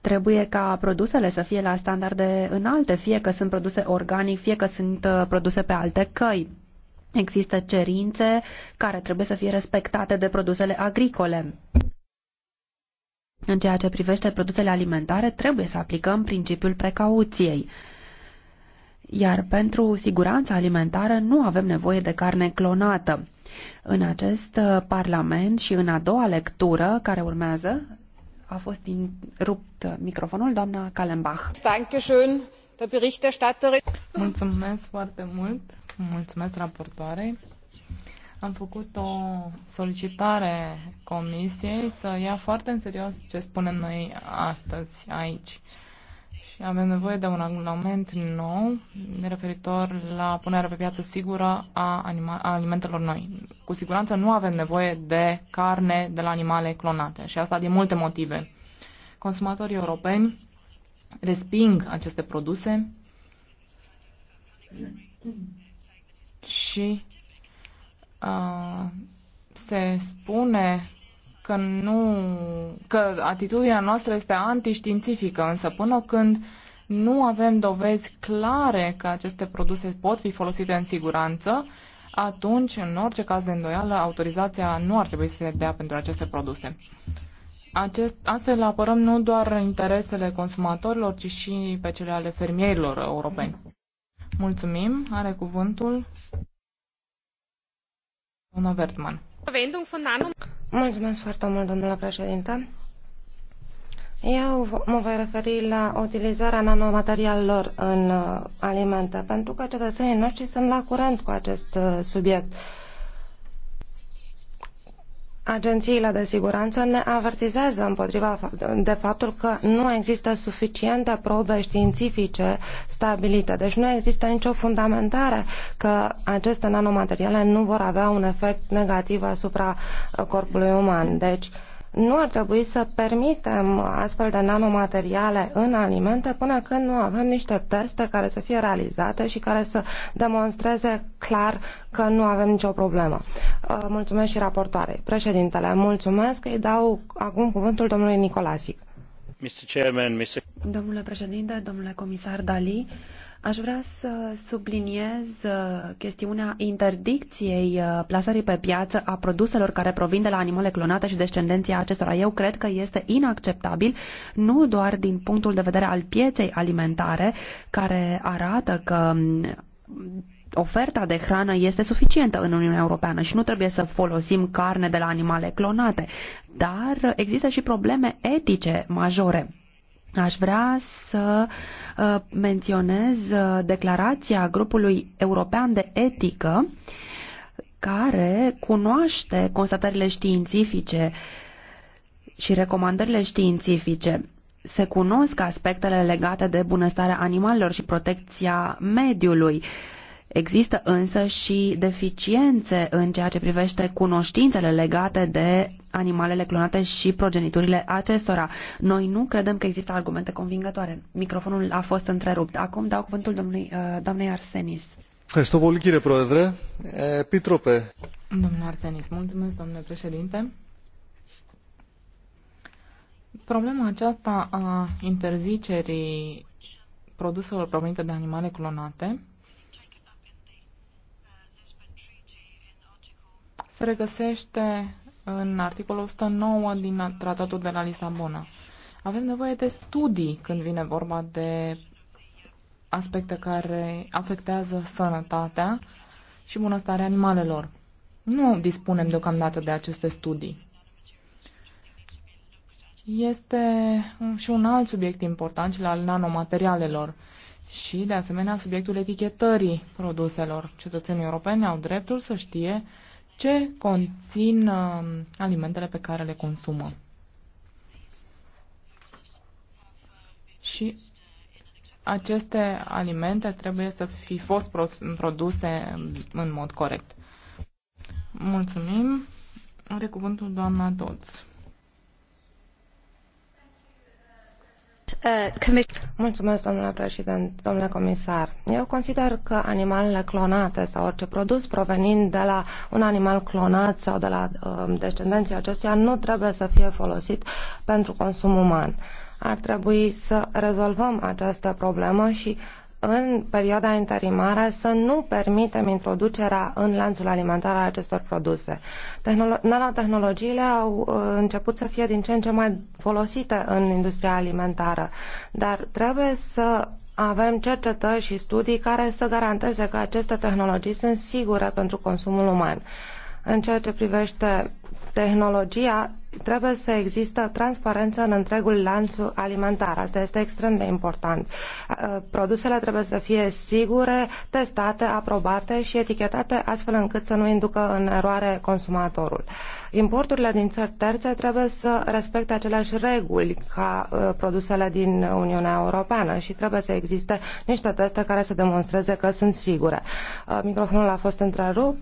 Trebuie ca produsele să fie la standarde înalte, fie că sunt produse organic, fie că sunt uh, produse pe alte căi. Există cerințe care trebuie să fie respectate de produsele agricole. În ceea ce privește produsele alimentare, trebuie să aplicăm principiul precauției. Iar pentru siguranța alimentară nu avem nevoie de carne clonată. În acest uh, Parlament și în a doua lectură care urmează, a fost rupt microfonul. Doamna Kallenbach. Mulțumesc foarte mult. Mulțumesc raportoarei. Am făcut o solicitare comisiei să ia foarte în serios ce spunem noi astăzi aici și avem nevoie de un regulament nou referitor la punerea pe piață sigură a, anima- a alimentelor noi. Cu siguranță nu avem nevoie de carne de la animale clonate și asta din multe motive. Consumatorii europeni resping aceste produse și uh, se spune că, nu, că atitudinea noastră este antiștiințifică, însă până când nu avem dovezi clare că aceste produse pot fi folosite în siguranță, atunci, în orice caz de îndoială, autorizația nu ar trebui să se dea pentru aceste produse. Acest, astfel apărăm nu doar interesele consumatorilor, ci și pe cele ale fermierilor europeni. Mulțumim. Are cuvântul Una Vertman. Mulțumesc foarte mult, domnule președinte. Eu mă voi referi la utilizarea nanomaterialelor în uh, alimente, pentru că cetățenii noștri sunt la curent cu acest uh, subiect Agențiile de siguranță ne avertizează împotriva de faptul că nu există suficiente probe științifice stabilite. Deci nu există nicio fundamentare că aceste nanomateriale nu vor avea un efect negativ asupra corpului uman. Deci nu ar trebui să permitem astfel de nanomateriale în alimente până când nu avem niște teste care să fie realizate și care să demonstreze clar că nu avem nicio problemă. Uh, mulțumesc și raportoarei. Președintele, mulțumesc. Îi dau acum cuvântul domnului Nicolasic. Mr. Chairman, Mr. Domnule președinte, domnule comisar Dali, Aș vrea să subliniez uh, chestiunea interdicției uh, plasării pe piață a produselor care provin de la animale clonate și descendenția acestora. Eu cred că este inacceptabil nu doar din punctul de vedere al pieței alimentare, care arată că um, oferta de hrană este suficientă în Uniunea Europeană și nu trebuie să folosim carne de la animale clonate, dar există și probleme etice majore Aș vrea să uh, menționez uh, declarația grupului european de etică care cunoaște constatările științifice și recomandările științifice. Se cunosc aspectele legate de bunăstarea animalelor și protecția mediului. Uh, Există însă și deficiențe în ceea ce privește cunoștințele legate de animalele clonate și progeniturile acestora. Noi nu credem că există argumente convingătoare. Microfonul a fost întrerupt. Acum dau cuvântul domnului, uh, doamnei Arsenis. Pitrope. Domnul Arsenis, mulțumesc, domnule președinte. Problema aceasta a interzicerii produselor provenite de animale clonate se regăsește în articolul 109 din Tratatul de la Lisabona. Avem nevoie de studii când vine vorba de aspecte care afectează sănătatea și bunăstarea animalelor. Nu dispunem deocamdată de aceste studii. Este și un alt subiect important, cel al nanomaterialelor și, de asemenea, subiectul etichetării produselor. Cetățenii europeni au dreptul să știe ce conțin um, alimentele pe care le consumă. Și aceste alimente trebuie să fi fost produse în mod corect. Mulțumim. Are cuvântul doamna Dodds. Mulțumesc, domnule președinte, domnule comisar. Eu consider că animalele clonate sau orice produs provenind de la un animal clonat sau de la uh, descendenții acestuia nu trebuie să fie folosit pentru consum uman. Ar trebui să rezolvăm această problemă și în perioada interimară să nu permitem introducerea în lanțul alimentar al acestor produse. Tehnolo- nanotehnologiile au uh, început să fie din ce în ce mai folosite în industria alimentară, dar trebuie să avem cercetări și studii care să garanteze că aceste tehnologii sunt sigure pentru consumul uman. În ceea ce privește tehnologia, trebuie să existe transparență în întregul lanț alimentar. Asta este extrem de important. Produsele trebuie să fie sigure, testate, aprobate și etichetate astfel încât să nu inducă în eroare consumatorul. Importurile din țări terțe trebuie să respecte aceleași reguli ca produsele din Uniunea Europeană și trebuie să existe niște teste care să demonstreze că sunt sigure. Microfonul a fost întrerupt.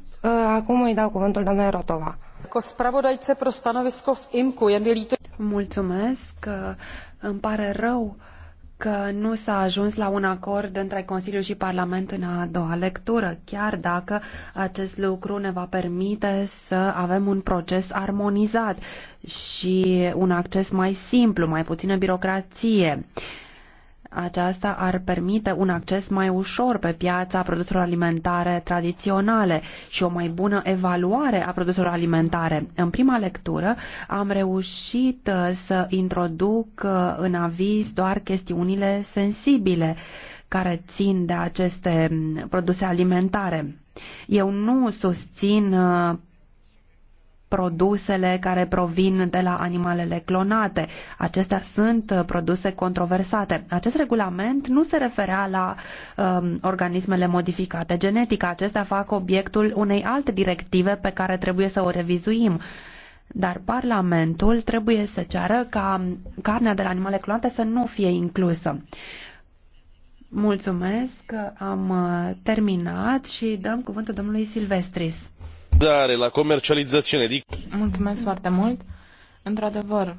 Acum îi dau cuvântul doamnei Rotova. Jako spravodajce pro stanovisko v IMKU je mi líto... Mulțumesc, îmi pare rău că nu s-a ajuns la un acord între Consiliu și Parlament în a doua lectură, chiar dacă acest lucru ne va permite să avem un proces armonizat și un acces mai simplu, mai puțină birocrație. Uh, aceasta ar permite un acces mai ușor pe piața produselor alimentare tradiționale și o mai bună evaluare a produselor alimentare. În prima lectură am reușit uh, să introduc uh, în aviz doar chestiunile sensibile care țin de aceste mm, produse alimentare. Eu nu susțin uh, produsele care provin de la animalele clonate. Acestea sunt uh, produse controversate. Acest regulament nu se referea la um, organismele modificate genetic. Acestea fac obiectul unei alte directive pe care trebuie să o revizuim dar Parlamentul trebuie să ceară ca carnea de la animale clonate să nu fie inclusă. Mulțumesc, am uh, terminat și dăm cuvântul domnului Silvestris la comercializare. di... Mulțumesc foarte mult. Într-adevăr,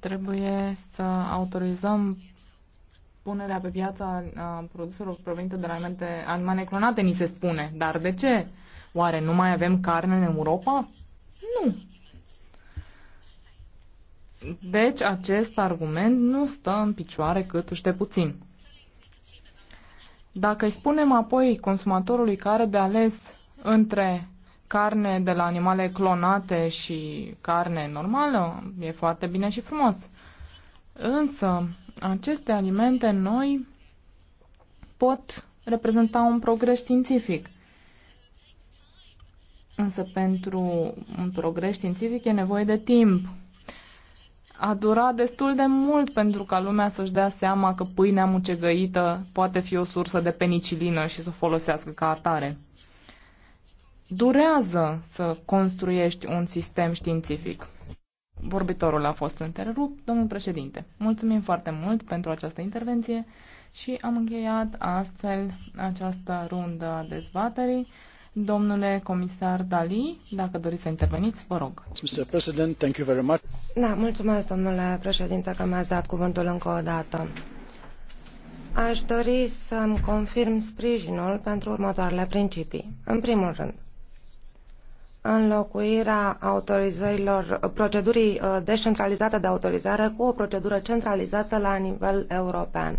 trebuie să autorizăm punerea pe piață a produselor provenite de la alimente, animale clonate, ni se spune. Dar de ce? Oare nu mai avem carne în Europa? Nu. Deci acest argument nu stă în picioare cât și de puțin. Dacă îi spunem apoi consumatorului care de ales între carne de la animale clonate și carne normală, e foarte bine și frumos. Însă, aceste alimente noi pot reprezenta un progres științific. Însă pentru un progres științific e nevoie de timp. A durat destul de mult pentru ca lumea să-și dea seama că pâinea mucegăită poate fi o sursă de penicilină și să o folosească ca atare durează să construiești un sistem științific. Vorbitorul a fost întrerupt, domnul președinte. Mulțumim foarte mult pentru această intervenție și am încheiat astfel această rundă a dezbaterii. Domnule comisar Dali, dacă doriți să interveniți, vă rog. Mr. President, thank you very much. Da, mulțumesc, domnule președinte, că mi-ați dat cuvântul încă o dată. Aș dori să-mi confirm sprijinul pentru următoarele principii. În primul rând, înlocuirea autorizărilor, procedurii uh, descentralizate de autorizare cu o procedură centralizată la nivel european.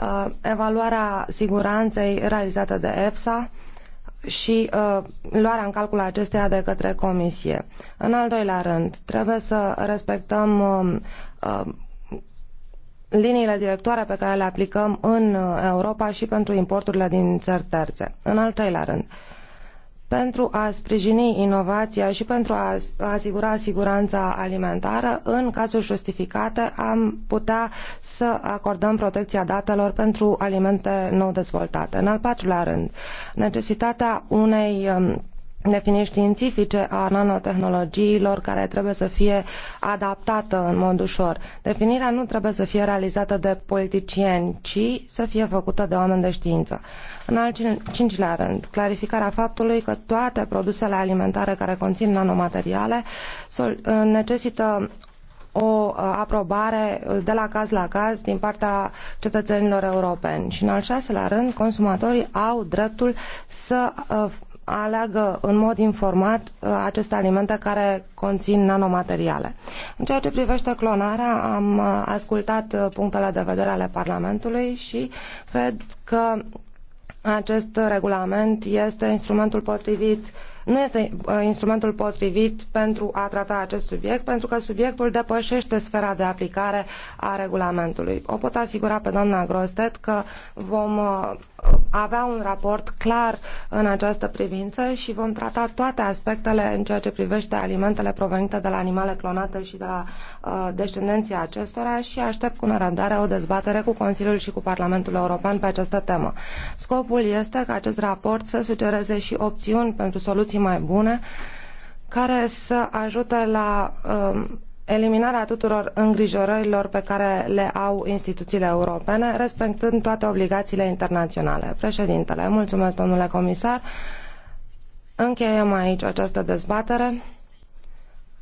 Uh, evaluarea siguranței realizată de EFSA și uh, luarea în calcul acesteia de către Comisie. În al doilea rând, trebuie să respectăm liniile directoare pe care le aplicăm în Europa și pentru importurile din țări terțe. În al treilea rând, uh, pentru a sprijini inovația și pentru a asigura siguranța alimentară, în cazuri justificate am putea să acordăm protecția datelor pentru alimente nou dezvoltate. În al patrulea rând, necesitatea unei um, definiri științifice a nanotehnologiilor care trebuie să fie adaptată în mod ușor. Definirea nu trebuie să fie realizată de politicieni, ci să fie făcută de oameni de știință. În al cincilea rând, clarificarea faptului că toate produsele alimentare care conțin nanomateriale uh, necesită o uh, aprobare de la caz la caz din partea cetățenilor europeni. Și în al șaselea rând, consumatorii au dreptul să uh, aleagă în mod informat uh, aceste alimente care conțin nanomateriale. În ceea ce privește clonarea, am uh, ascultat uh, punctele de vedere ale Parlamentului și cred că acest regulament este instrumentul potrivit nu este instrumentul potrivit pentru a trata acest subiect, pentru că subiectul depășește sfera de aplicare a regulamentului. O pot asigura pe doamna Grostet că vom avea un raport clar în această privință și vom trata toate aspectele în ceea ce privește alimentele provenite de la animale clonate și de la uh, descendenții acestora și aștept cu nerăbdare o dezbatere cu Consiliul și cu Parlamentul European pe această temă. Scopul este ca acest raport să sugereze și opțiuni pentru soluții mai bune care să ajute la uh, eliminarea tuturor îngrijorărilor pe care le au instituțiile europene, respectând toate obligațiile internaționale. Președintele, mulțumesc domnule comisar. Încheiem aici această dezbatere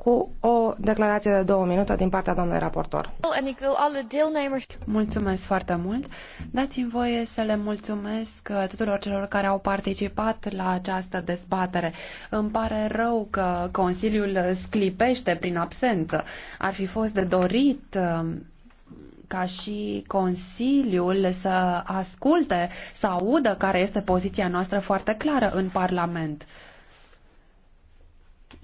cu o declarație de două minute din partea doamnei raportor. Mulțumesc foarte mult. Dați-mi voie să le mulțumesc uh, tuturor celor care au participat la această dezbatere. Îmi pare rău că Consiliul sclipește prin absență. Ar fi fost de dorit uh, ca și Consiliul să asculte, să audă care este poziția noastră foarte clară în Parlament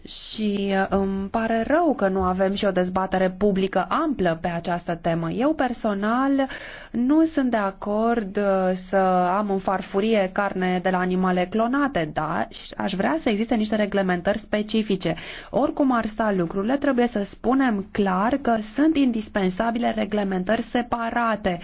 și uh, îmi pare rău că nu avem și o dezbatere publică amplă pe această temă. Eu personal nu sunt de acord uh, să am în farfurie carne de la animale clonate, dar aș vrea să existe niște reglementări specifice. Oricum ar sta lucrurile, trebuie să spunem clar că sunt indispensabile reglementări separate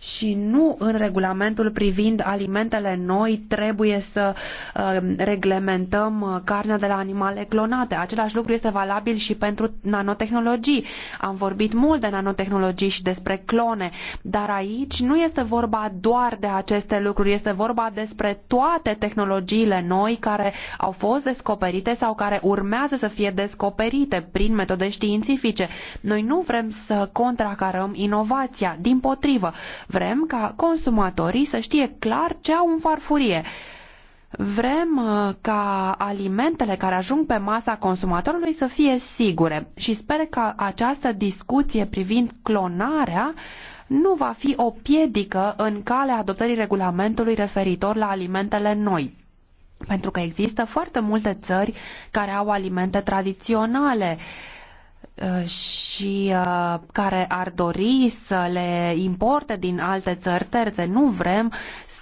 și nu în regulamentul privind alimentele noi trebuie să uh, reglementăm uh, carnea de la animale clonate. Același lucru este valabil și pentru nanotehnologii. Am vorbit mult de nanotehnologii și despre clone, dar aici nu este vorba doar de aceste lucruri, este vorba despre toate tehnologiile noi care au fost descoperite sau care urmează să fie descoperite prin metode științifice. Noi nu vrem să contracarăm inovația, din potrivă, Vrem ca consumatorii să știe clar ce au în farfurie. Vrem uh, ca alimentele care ajung pe masa consumatorului să fie sigure și sper că această discuție privind clonarea nu va fi o piedică în calea adoptării regulamentului referitor la alimentele noi. Pentru că există foarte multe țări care au alimente tradiționale uh, Uh, și uh, care ar dori să le importe din alte țări terțe. Nu vrem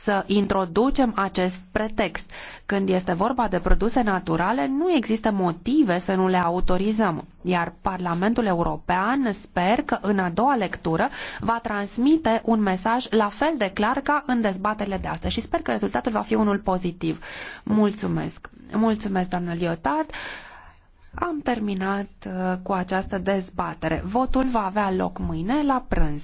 să introducem acest pretext. Când este vorba de produse naturale, nu există motive să nu le autorizăm. Iar Parlamentul European sper că în a doua lectură va transmite un mesaj la fel de clar ca în dezbaterile de astăzi și sper că rezultatul va fi unul pozitiv. Mulțumesc! Mulțumesc, doamnă Liotard! Am terminat uh, cu această dezbatere. Votul va avea loc mâine la prânz.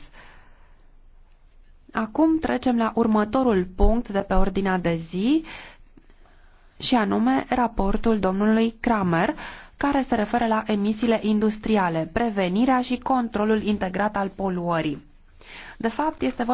Acum trecem la următorul punct de pe ordinea de zi și anume raportul domnului Kramer care se referă la emisiile industriale, prevenirea și controlul integrat al poluării. De fapt, este vorba